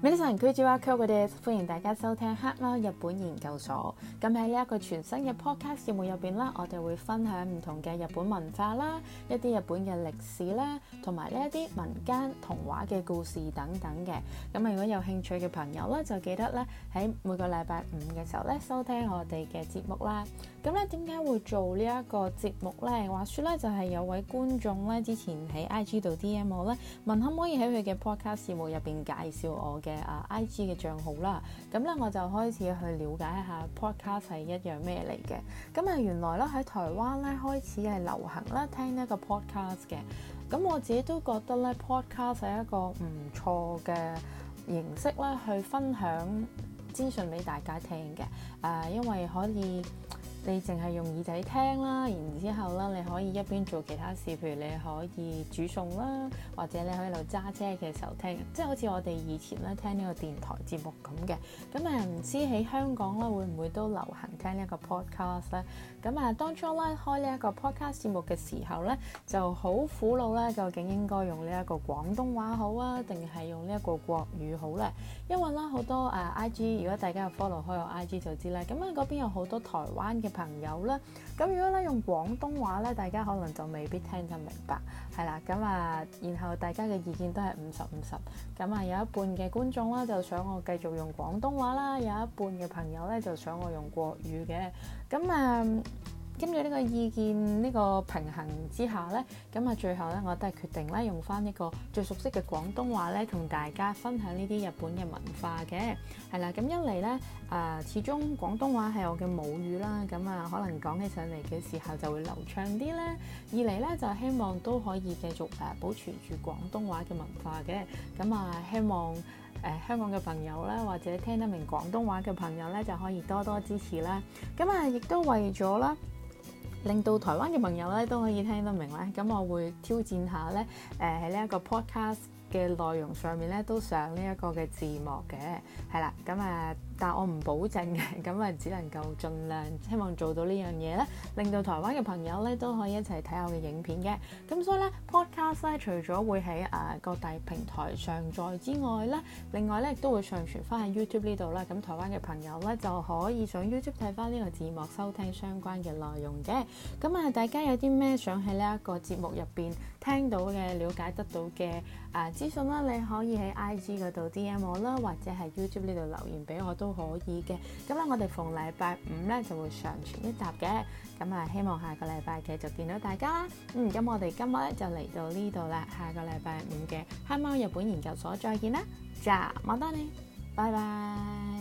皆さんこんにちは、Kyoko です，歡迎大家收聽黑貓日本研究所。咁喺呢一個全新嘅 podcast 節目入邊啦，我哋會分享唔同嘅日本文化啦，一啲日本嘅歷史啦，同埋呢一啲民間童話嘅故事等等嘅。咁如果有興趣嘅朋友咧，就記得咧喺每個禮拜五嘅時候咧收聽我哋嘅節目啦。咁咧，點解會做呢一個節目咧？話説咧，就係有位觀眾咧，之前喺 IG 度 DM 我咧，問可唔可以喺佢嘅 podcast 節目入邊介紹我嘅啊、uh, IG 嘅帳號啦。咁咧，我就開始去了解一下 podcast 係一樣咩嚟嘅。咁啊，原來咧喺台灣咧開始係流行啦聽呢一個 podcast 嘅。咁我自己都覺得咧，podcast 係一個唔錯嘅形式啦，去分享資訊俾大家聽嘅。誒、呃，因為可以。你淨係用耳仔聽啦，然之後啦，你可以一邊做其他事，譬如你可以煮餸啦，或者你可以喺度揸車嘅時候聽，即係好似我哋以前咧聽呢個電台節目咁嘅。咁誒唔知喺香港咧會唔會都流行聽呢一個 podcast 咧？咁啊，當初咧開呢一個 podcast 節目嘅時候咧，就好苦惱咧，究竟應該用呢一個廣東話好啊，定係用呢一個國語好咧？因為咧好多誒、啊、IG，如果大家有 follow 開我 IG 就知啦。咁啊，嗰邊有好多台灣嘅，朋友啦，咁如果咧用廣東話咧，大家可能就未必聽得明白，係啦，咁啊，然後大家嘅意見都係五十五十，咁啊有一半嘅觀眾啦就想我繼續用廣東話啦，有一半嘅朋友咧就想我用國語嘅，咁啊。根據呢個意見，呢、這個平衡之下呢咁啊，最後呢，我都係決定咧用翻呢個最熟悉嘅廣東話呢，同大家分享呢啲日本嘅文化嘅係啦。咁一嚟呢，誒、呃、始終廣東話係我嘅母語啦，咁啊可能講起上嚟嘅時候就會流暢啲咧。二嚟呢，就希望都可以繼續誒保存住廣東話嘅文化嘅。咁啊，希望誒、呃、香港嘅朋友咧，或者聽得明廣東話嘅朋友呢，就可以多多支持啦。咁啊，亦都為咗啦。令到台灣嘅朋友咧都可以聽得明咧，咁我會挑戰下咧，誒喺呢一個 podcast 嘅內容上面咧都上呢一個嘅字幕嘅，係啦，咁啊，但我唔保證嘅，咁啊只能夠盡量希望做到呢樣嘢咧，令到台灣嘅朋友咧都可以一齊睇我嘅影片嘅，咁所以咧 Podcast 咧除咗會喺誒、呃、各大平台上載之外咧，另外咧亦都會上傳翻喺 YouTube 呢度啦，咁台灣嘅朋友咧就可以上 YouTube 睇翻呢個字幕，收聽相關嘅內容嘅，咁啊大家有啲咩想喺呢一個節目入邊聽到嘅、瞭解得到嘅資訊啦，你可以喺 IG 嗰度 DM 我啦，或者喺 YouTube 呢度留言俾我都可以嘅。咁咧，我哋逢禮拜五咧就會上傳一集嘅。咁啊，希望下個禮拜繼續見到大家啦。嗯，咁我哋今日咧就嚟到呢度啦。下個禮拜五嘅黑貓日本研究所再見啦。就冇多你，拜拜。